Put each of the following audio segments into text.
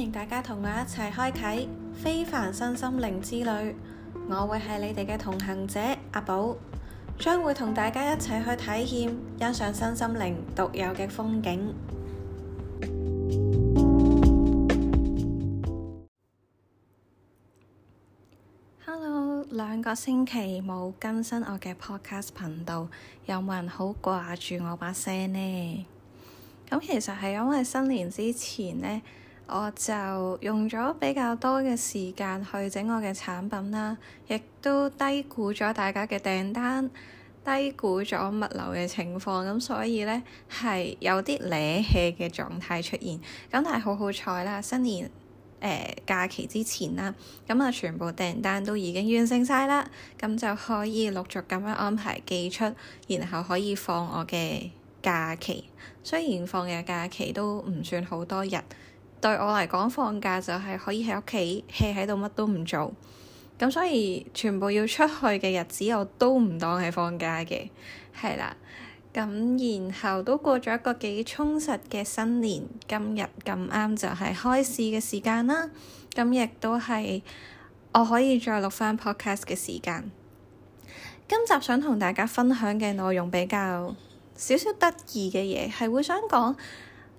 歡迎大家同我一齊開啟非凡身心靈之旅。我會係你哋嘅同行者阿寶，將會同大家一齊去體驗欣賞身心靈獨有嘅風景。Hello，兩個星期冇更新我嘅 podcast 頻道，有冇人好掛住我把聲呢？咁其實係因為新年之前呢，我就用咗比較多嘅時間去整我嘅產品啦，亦都低估咗大家嘅訂單，低估咗物流嘅情況，咁所以呢，係有啲瀨嘢嘅狀態出現。咁但係好好彩啦，新年、呃、假期之前啦，咁啊全部訂單都已經完成晒啦，咁就可以陸續咁樣安排寄出，然後可以放我嘅假期。雖然放嘅假期都唔算好多日。對我嚟講，放假就係可以喺屋企 hea 喺度，乜都唔做。咁所以全部要出去嘅日子，我都唔當係放假嘅，係啦。咁然後都過咗一個幾充實嘅新年。今日咁啱就係開市嘅時間啦。咁亦都係我可以再錄返 podcast 嘅時間。今集想同大家分享嘅內容比較少少得意嘅嘢，係會想講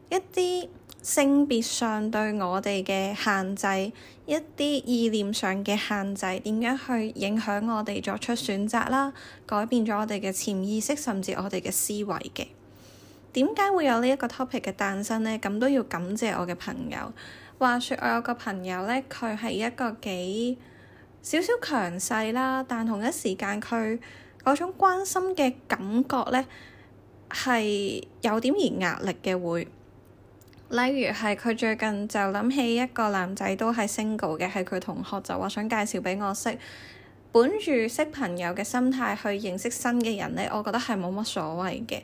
一啲。性別上對我哋嘅限制，一啲意念上嘅限制，點樣去影響我哋作出選擇啦，改變咗我哋嘅潛意識，甚至我哋嘅思維嘅。點解會有呢一個 topic 嘅誕生呢？咁都要感謝我嘅朋友。話說我有個朋友呢，佢係一個幾少少強勢啦，但同一時間，佢嗰種關心嘅感覺呢，係有點兒壓力嘅會。例如係佢最近就諗起一個男仔都係 single 嘅，係佢同學就話想介紹俾我識。本住識朋友嘅心態去認識新嘅人咧，我覺得係冇乜所謂嘅。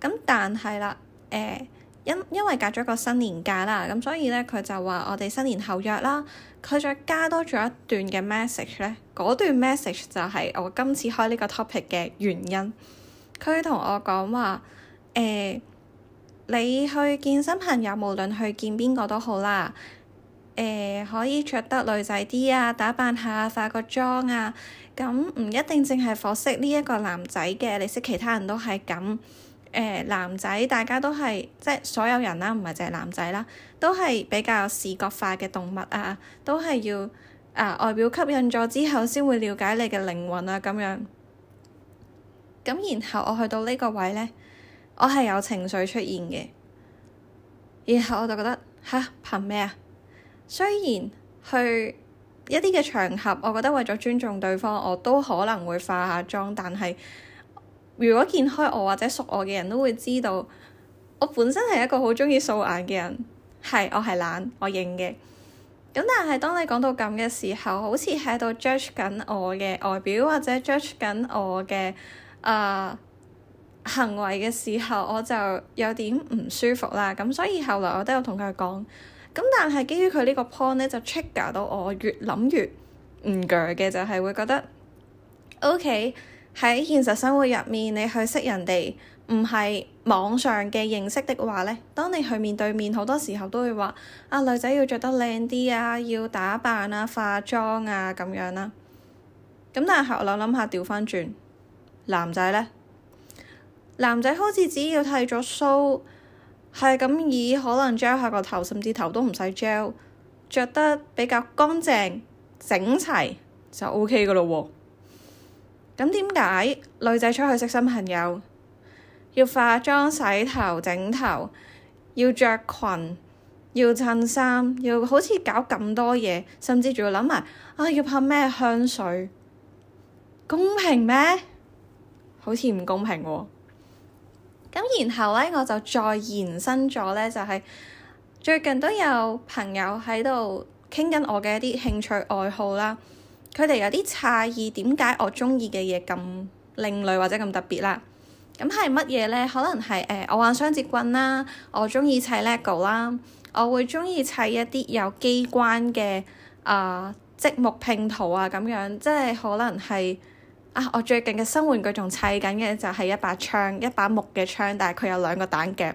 咁但係啦，誒、欸、因因為隔咗個新年假啦，咁所以咧，佢就話我哋新年後約啦。佢再加多咗一段嘅 message 咧，嗰段 message 就係我今次開呢個 topic 嘅原因。佢同我講話誒。欸你去見新朋友，無論去見邊個都好啦。誒、呃，可以着得女仔啲啊，打扮下，化個妝啊。咁唔一定淨係服飾呢一個男仔嘅，你識其他人都係咁。誒、呃，男仔大家都係即係所有人啦，唔係淨係男仔啦，都係比較視覺化嘅動物啊，都係要啊外表吸引咗之後，先會了解你嘅靈魂啊咁樣。咁然後我去到呢個位咧。我係有情緒出現嘅，然後我就覺得吓，憑咩啊？雖然去一啲嘅場合，我覺得為咗尊重對方，我都可能會化下妝，但係如果見開我或者熟我嘅人都會知道，我本身係一個好鍾意素顏嘅人，係我係懶，我認嘅。咁但係當你講到咁嘅時候，好似喺度 judge 緊我嘅外表或者 judge 緊我嘅啊～、呃行為嘅時候我就有點唔舒服啦，咁所以後來我都有同佢講。咁但係基於佢呢個 point 呢，就 trigger 到我越諗越唔鋸嘅就係、是、會覺得 O.K. 喺現實生活入面你去識人哋唔係網上嘅認識的話呢，當你去面對面好多時候都會話啊女仔要着得靚啲啊，要打扮啊、化妝啊咁樣啦、啊。咁但係後嚟諗下調翻轉男仔呢。男仔好似只要剃咗鬚，係咁以可能 gel 下個頭，甚至頭都唔使 gel，着得比較乾淨整齊就 OK 嘅咯喎。咁點解女仔出去識新朋友要化妝、洗頭、整頭，要着裙、要襯衫，要好似搞咁多嘢，甚至仲要諗埋啊要噴咩香水？公平咩？好似唔公平喎、哦。咁然後咧，我就再延伸咗咧，就係、是、最近都有朋友喺度傾緊我嘅一啲興趣愛好啦。佢哋有啲詫異，點解我中意嘅嘢咁另類或者咁特別啦？咁係乜嘢咧？可能係誒、呃，我玩雙節棍啦，我中意砌 Lego 啦，我會中意砌一啲有機關嘅啊積木拼圖啊咁樣，即係可能係。啊！我最近嘅新玩具仲砌緊嘅就係一把槍，一把木嘅槍，但係佢有兩個彈夾，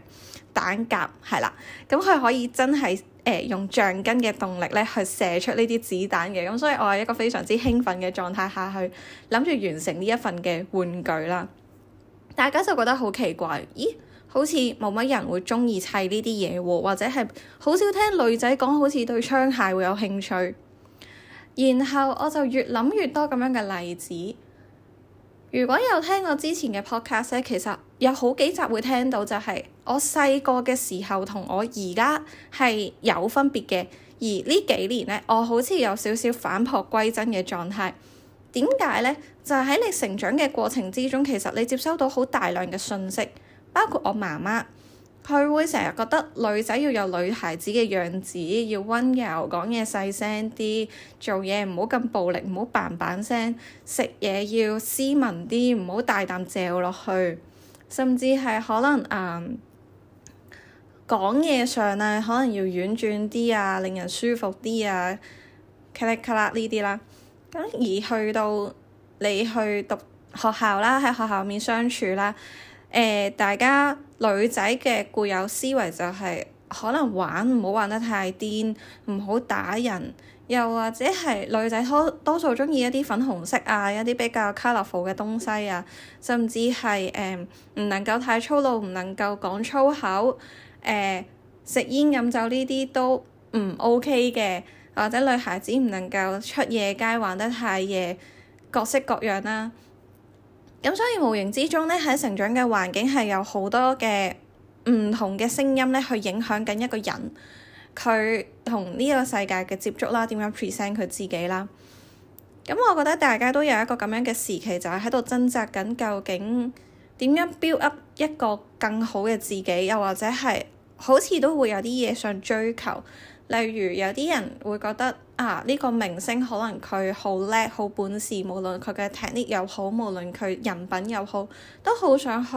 彈夾係啦。咁佢、嗯、可以真係誒、呃、用橡筋嘅動力咧去射出呢啲子彈嘅。咁、嗯、所以我係一個非常之興奮嘅狀態下去諗住完成呢一份嘅玩具啦。大家就覺得好奇怪，咦？好似冇乜人會鍾意砌呢啲嘢喎，或者係好少聽女仔講好似對槍械會有興趣。然後我就越諗越多咁樣嘅例子。如果有聽我之前嘅 podcast 咧，其實有好幾集會聽到、就係，就係我細個嘅時候同我而家係有分別嘅。而呢幾年咧，我好似有少少返璞歸真嘅狀態。點解咧？就係、係、喺你成長嘅過程之中，其實你接收到好大量嘅信息，包括我媽媽。佢會成日覺得女仔要有女孩子嘅樣子，要溫柔，講嘢細聲啲，做嘢唔好咁暴力，唔好 bang bang 聲，食嘢要斯文啲，唔好大啖嚼落去，甚至係可能誒講嘢上咧，可能要婉轉啲啊，令人舒服啲啊，乞力乞喇呢啲啦。咁而去到你去讀學校啦，喺學校面相處啦。誒、呃，大家女仔嘅固有思維就係、是、可能玩唔好玩得太癲，唔好打人，又或者係女仔多多數中意一啲粉紅色啊，一啲比較 colorful 嘅東西啊，甚至係誒唔能夠太粗魯，唔能夠講粗口，誒食煙飲酒呢啲都唔 OK 嘅，或者女孩子唔能夠出夜街，玩得太夜，各式各樣啦、啊。咁所以無形之中咧，喺成長嘅環境係有好多嘅唔同嘅聲音咧，去影響緊一個人，佢同呢個世界嘅接觸啦，點樣 present 佢自己啦。咁我覺得大家都有一個咁樣嘅時期，就係喺度掙扎緊，究竟點樣 build up 一個更好嘅自己，又或者係好似都會有啲嘢想追求。例如有啲人會覺得啊，呢個明星可能佢好叻、好本事，無論佢嘅 technique 又好，無論佢人品又好，都好想去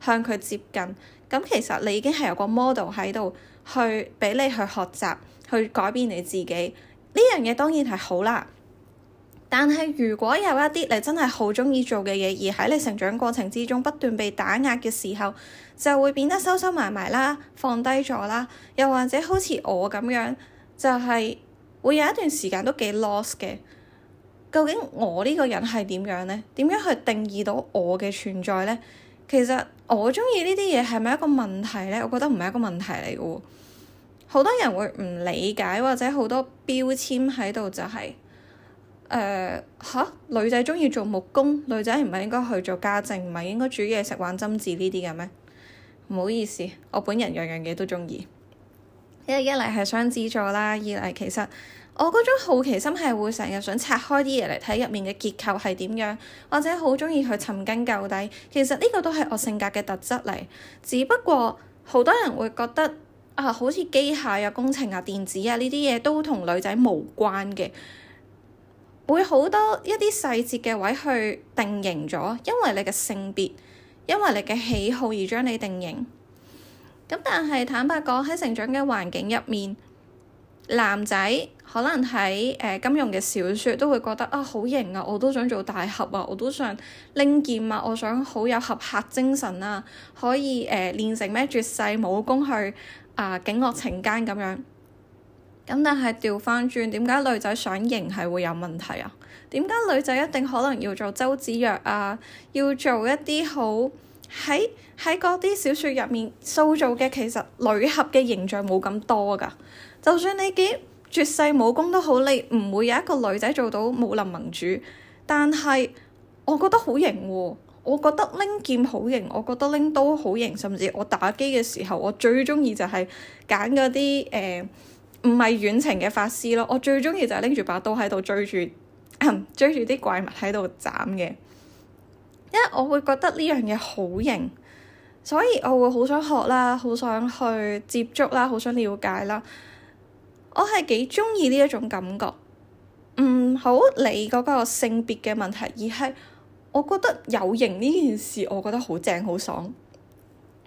向佢接近。咁、嗯、其實你已經係有個 model 喺度，去畀你去學習，去改變你自己。呢樣嘢當然係好啦。但係如果有一啲你真係好中意做嘅嘢，而喺你成長過程之中不斷被打壓嘅時候，就會變得收收埋埋啦，放低咗啦，又或者好似我咁樣，就係會有一段時間都幾 lost 嘅。究竟我呢個人係點樣呢？點樣去定義到我嘅存在呢？其實我中意呢啲嘢係咪一個問題呢？我覺得唔係一個問題嚟嘅。好多人會唔理解，或者好多標籤喺度就係。誒嚇、uh，女仔中意做木工，女仔唔係應該去做家政，唔係應該煮嘢食、玩針黹呢啲嘅咩？唔好意思，我本人樣樣嘢都中意。一嚟係雙子座啦，二嚟其實我嗰種好奇心係會成日想拆開啲嘢嚟睇入面嘅結構係點樣，或者好中意去尋根究底。其實呢個都係我性格嘅特質嚟，只不過好多人會覺得啊，好似機械啊、工程啊、電子啊呢啲嘢都同女仔無關嘅。會好多一啲細節嘅位去定型咗，因為你嘅性別，因為你嘅喜好而將你定型。咁但係坦白講，喺成長嘅環境入面，男仔可能喺誒、呃、金庸嘅小説都會覺得啊好型啊，我都想做大俠啊，我都想拎劍啊，我想好有俠客精神啊，可以誒、呃、練成咩絕世武功去啊警惡懲奸咁樣。咁但係調翻轉，點解女仔想型係會有問題啊？點解女仔一定可能要做周子若啊？要做一啲好喺喺嗰啲小説入面塑造嘅，其實女俠嘅形象冇咁多㗎。就算你幾絕世武功都好，你唔會有一個女仔做到武林盟主。但係我覺得好型喎，我覺得拎劍好型，我覺得拎刀好型，甚至我打機嘅時候，我最中意就係揀嗰啲誒。呃唔係遠程嘅法師咯，我最鍾意就係拎住把刀喺度追住 追住啲怪物喺度斬嘅，因為我會覺得呢樣嘢好型，所以我會好想學啦，好想去接觸啦，好想了解啦，我係幾鍾意呢一種感覺。唔、嗯、唔好理嗰個性別嘅問題，而係我覺得有型呢件事，我覺得好正好爽。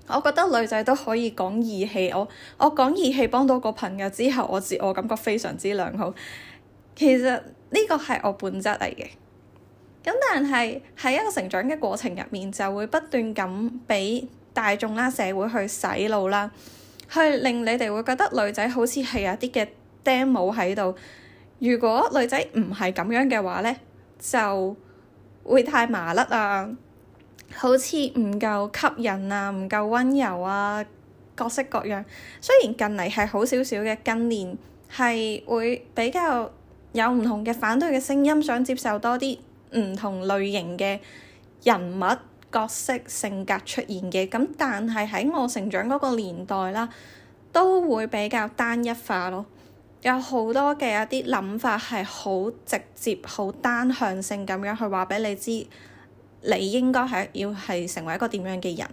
我覺得女仔都可以講義氣，我我講義氣幫到個朋友之後，我自我感覺非常之良好。其實呢個係我本質嚟嘅，咁但係喺一個成長嘅過程入面，就會不斷咁畀大眾啦、社會去洗腦啦，去令你哋會覺得女仔好似係有啲嘅定模喺度。如果女仔唔係咁樣嘅話咧，就會太麻甩啦。好似唔夠吸引啊，唔夠溫柔啊，各式各樣。雖然近嚟係好少少嘅，近年係會比較有唔同嘅反對嘅聲音，想接受多啲唔同類型嘅人物角色性格出現嘅。咁但係喺我成長嗰個年代啦，都會比較單一化咯。有好多嘅一啲諗法係好直接、好單向性咁樣去話俾你知。你應該係要係成為一個點樣嘅人？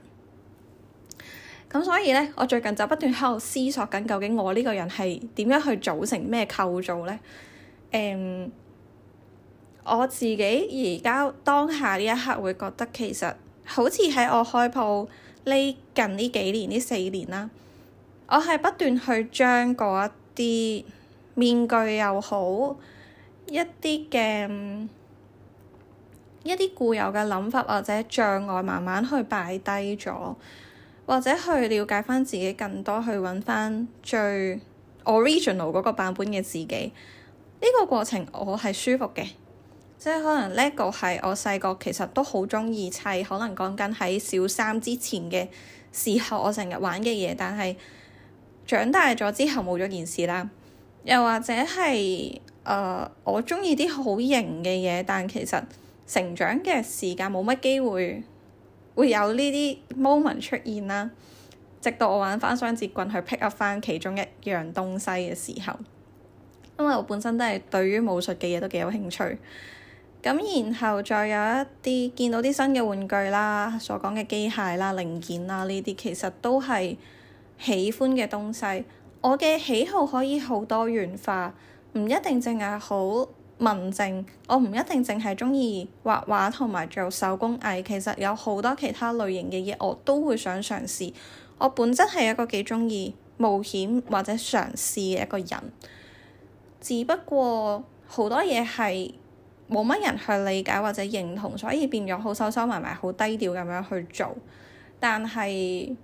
咁所以呢，我最近就不斷喺度思索緊，究竟我呢個人係點樣去組成咩構造呢？誒、嗯，我自己而家當下呢一刻會覺得，其實好似喺我開鋪呢近呢幾年呢四年啦，我係不斷去將嗰一啲面具又好，一啲嘅，一啲固有嘅諗法或者障礙，慢慢去擺低咗，或者去了解翻自，自己，更多去揾翻最 original 嗰個版本嘅自己。呢個過程我係舒服嘅，即係可能 Lego 係我細個其實都好中意砌，可能講緊喺小三之前嘅時候，我成日玩嘅嘢。但係長大咗之後冇咗件事啦。又或者係誒、呃，我中意啲好型嘅嘢，但其實成長嘅時間冇乜機會，會有呢啲 moment 出現啦。直到我玩翻雙截棍去 pick up 翻其中一樣東西嘅時候，因為我本身都係對於武術嘅嘢都幾有興趣。咁然後再有一啲見到啲新嘅玩具啦，所講嘅機械啦、零件啦呢啲，其實都係喜歡嘅東西。我嘅喜好可以好多元化，唔一定淨係好文靜，我唔一定淨係鍾意畫畫同埋做手工藝。其實有好多其他類型嘅嘢，我都會想嘗試。我本質係一個幾鍾意冒險或者嘗試嘅一個人。只不過好多嘢係冇乜人去理解或者認同，所以變咗好收收埋埋、好低調咁樣去做。但係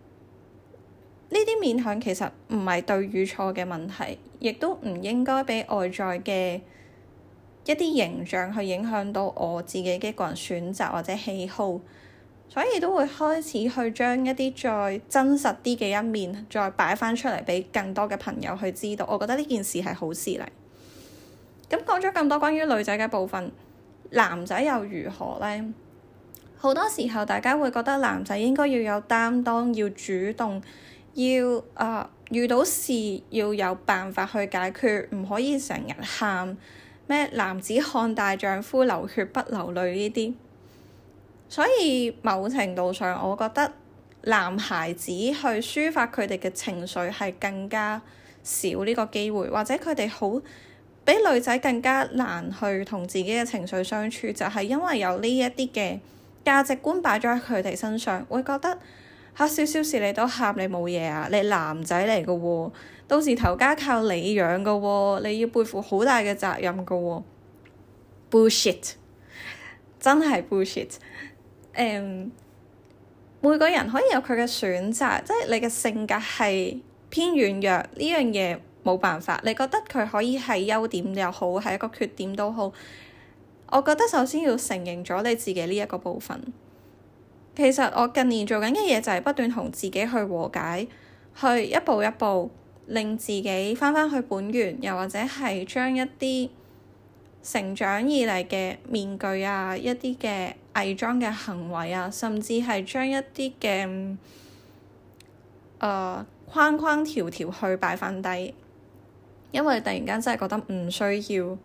呢啲面向其實唔係對與錯嘅問題，亦都唔應該俾外在嘅。一啲形象去影響到我自己嘅個人選擇或者喜好，所以都會開始去將一啲再真實啲嘅一面再擺翻出嚟，俾更多嘅朋友去知道。我覺得呢件事係好事嚟。咁講咗咁多關於女仔嘅部分，男仔又如何呢？好多時候，大家會覺得男仔應該要有擔當，要主動，要啊、呃、遇到事要有辦法去解決，唔可以成日喊。咩男子漢大丈夫流血不流淚呢啲，所以某程度上，我覺得男孩子去抒發佢哋嘅情緒係更加少呢個機會，或者佢哋好比女仔更加難去同自己嘅情緒相處，就係因為有呢一啲嘅價值觀擺咗喺佢哋身上，會覺得嚇少少事你都喊，你冇嘢啊，你男仔嚟嘅喎。到時頭家靠你養㗎喎，哦，你要背負好大嘅責任㗎喎，哦。Bullshit， 真係 bullshit，um,。誒，每個人可以有佢嘅選擇，即係你嘅性格係偏軟弱呢樣嘢冇辦法。你覺得佢可以係優點又好，係一個缺點都好。我覺得首先要承認咗你自己呢一個部分。其實我近年做緊嘅嘢就係不斷同自己去和解，去一步一步。令自己翻返去本源，又或者係將一啲成長以嚟嘅面具啊，一啲嘅偽裝嘅行為啊，甚至係將一啲嘅、呃、框框條條去擺翻低，因為突然間真係覺得唔需要，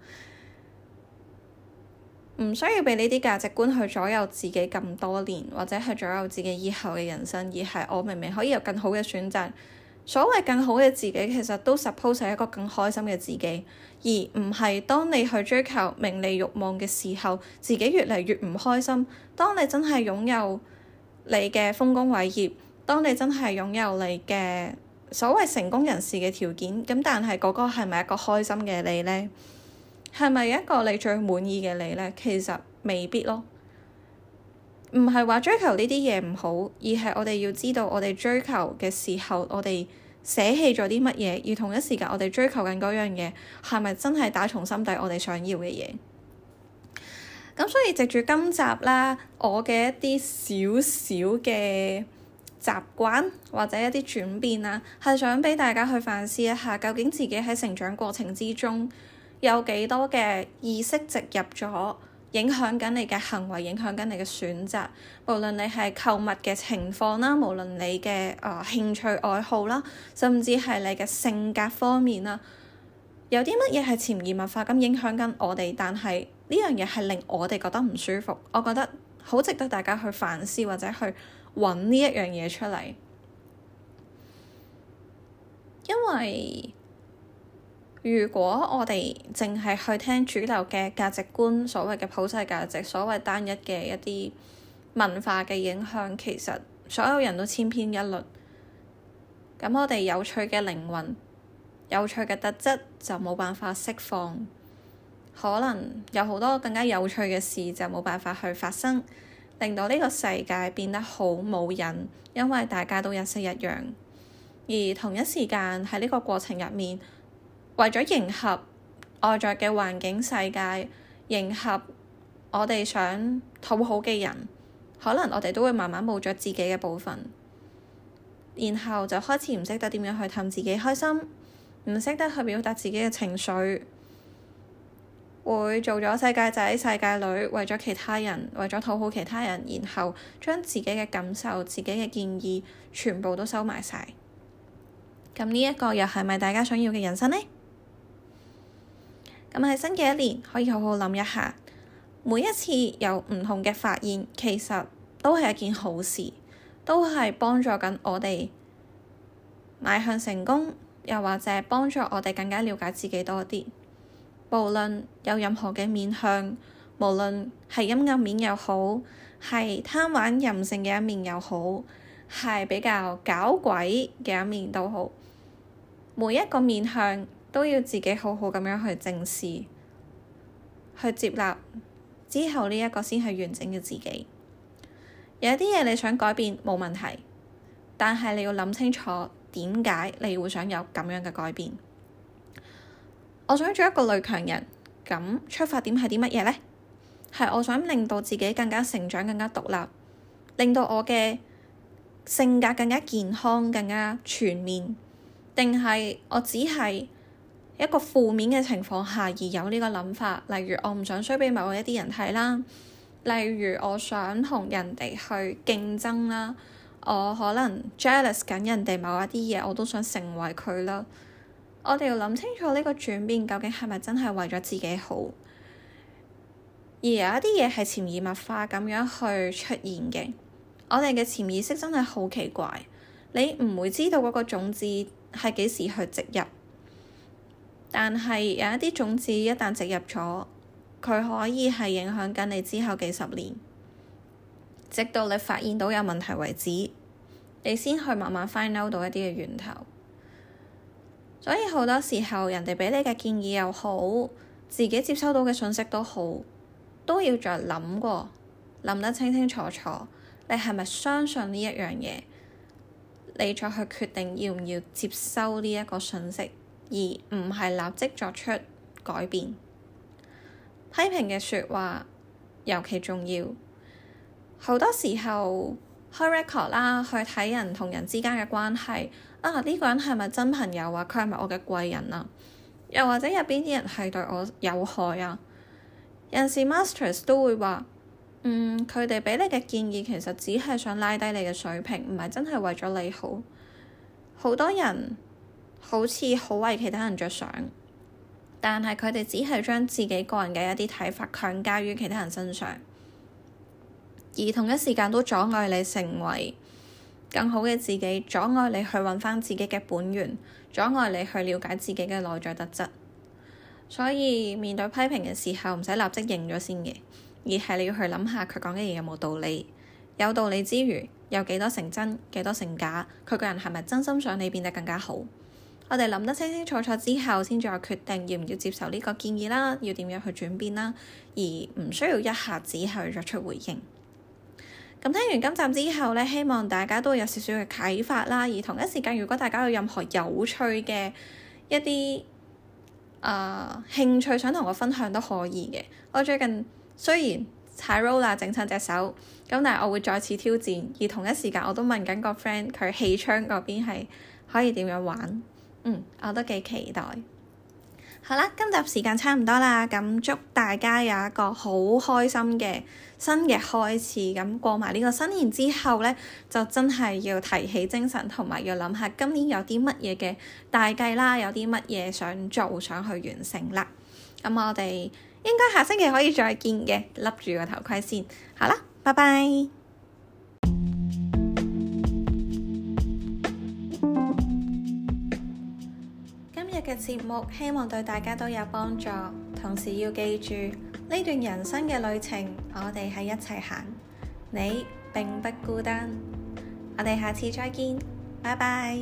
唔需要俾呢啲價值觀去左右自己咁多年，或者係左右自己以後嘅人生，而係我明明可以有更好嘅選擇。所謂更好嘅自己，其實都 suppose 係一個更開心嘅自己，而唔係當你去追求名利慾望嘅時候，自己越嚟越唔開心。當你真係擁有你嘅豐功偉業，當你真係擁有你嘅所謂成功人士嘅條件，咁但係嗰個係咪一個開心嘅你呢？係咪一個你最滿意嘅你呢？其實未必咯。唔係話追求呢啲嘢唔好，而係我哋要知道，我哋追求嘅時候，我哋捨棄咗啲乜嘢，而同一時間，我哋追求緊嗰樣嘢係咪真係打從心底我哋想要嘅嘢？咁所以藉住今集啦，我嘅一啲小小嘅習慣或者一啲轉變啊，係想俾大家去反思一下，究竟自己喺成長過程之中有幾多嘅意識植入咗？影響緊你嘅行為，影響緊你嘅選擇，無論你係購物嘅情況啦，無論你嘅啊、呃、興趣愛好啦，甚至係你嘅性格方面啦，有啲乜嘢係潛移默化咁影響緊我哋，但係呢樣嘢係令我哋覺得唔舒服，我覺得好值得大家去反思或者去揾呢一樣嘢出嚟，因為。如果我哋淨係去聽主流嘅價值觀，所謂嘅普世價值，所謂單一嘅一啲文化嘅影響，其實所有人都千篇一律。咁我哋有趣嘅靈魂、有趣嘅特質就冇辦法釋放，可能有好多更加有趣嘅事就冇辦法去發生，令到呢個世界變得好冇癮，因為大家都一式一樣。而同一時間，喺呢個過程入面。為咗迎合外在嘅環境世界，迎合我哋想討好嘅人，可能我哋都會慢慢冇咗自己嘅部分，然後就開始唔識得點樣去氹自己開心，唔識得去表達自己嘅情緒，會做咗世界仔、世界女，為咗其他人，為咗討好其他人，然後將自己嘅感受、自己嘅建議全部都收埋晒。咁呢一個又係咪大家想要嘅人生呢？咁喺新嘅一年，可以好好諗一下。每一次有唔同嘅發現，其實都係一件好事，都係幫助緊我哋邁向成功，又或者幫助我哋更加了解自己多啲。無論有任何嘅面向，無論係陰暗面又好，係貪玩任性嘅一面又好，係比較搞鬼嘅一面都好，每一個面向。都要自己好好咁樣去正視，去接納之後呢，一個先係完整嘅自己。有啲嘢你想改變冇問題，但係你要諗清楚點解你會想有咁樣嘅改變。我想做一個女強人，咁出發點係啲乜嘢呢？係我想令到自己更加成長、更加獨立，令到我嘅性格更加健康、更加全面，定係我只係，一個負面嘅情況下而有呢個諗法，例如我唔想衰俾某一啲人睇啦，例如我想同人哋去競爭啦，我可能 jealous 緊人哋某一啲嘢，我都想成為佢啦。我哋要諗清楚呢個轉變究竟係咪真係為咗自己好？而有一啲嘢係潛移默化咁樣去出現嘅，我哋嘅潛意識真係好奇怪，你唔會知道嗰個種子係幾時去植入。但係有一啲種子，一旦植入咗，佢可以係影響緊你之後幾十年，直到你發現到有問題為止，你先去慢慢 find out 到一啲嘅源頭。所以好多時候，人哋畀你嘅建議又好，自己接收到嘅信息都好，都要再諗過，諗得清清楚楚，你係咪相信呢一樣嘢？你再去決定要唔要接收呢一個信息。而唔係立即作出改變。批評嘅説話尤其重要。好多時候開 record 啦，去睇人同人之間嘅關係啊，呢個人係咪真朋友啊？佢係咪我嘅貴人啊？又或者入邊啲人係對我有害啊？人事 masters 都會話，嗯，佢哋畀你嘅建議其實只係想拉低你嘅水平，唔係真係為咗你好。好多人。好似好為其他人着想，但係佢哋只係將自己個人嘅一啲睇法強加於其他人身上，而同一時間都阻礙你成為更好嘅自己，阻礙你去搵返自己嘅本源，阻礙你去了解自己嘅內在特質。所以面對批評嘅時候，唔使立即認咗先嘅，而係你要去諗下佢講嘅嘢有冇道理。有道理之餘，有幾多成真，幾多成假？佢個人係咪真心想你變得更加好？我哋諗得清清楚楚之後，先再決定要唔要接受呢個建議啦，要點樣去轉變啦，而唔需要一下子去作出回應。咁、嗯、聽完今集之後呢，希望大家都有少少嘅啟發啦。而同一時間，如果大家有任何有趣嘅一啲啊、呃、興趣，想同我分享都可以嘅。我最近雖然踩 roll 啦，整親隻手咁，但係我會再次挑戰。而同一時間，我都問緊個 friend，佢氣槍嗰邊係可以點樣玩？嗯，我都幾期待。好啦，今集時間差唔多啦，咁祝大家有一個好開心嘅新嘅開始。咁過埋呢個新年之後呢，就真係要提起精神，同埋要諗下今年有啲乜嘢嘅大計啦，有啲乜嘢想做，想去完成啦。咁我哋應該下星期可以再見嘅，笠住個頭盔先。好啦，拜拜。嘅節目，希望對大家都有幫助。同時要記住，呢段人生嘅旅程，我哋喺一齊行，你並不孤單。我哋下次再見，拜拜。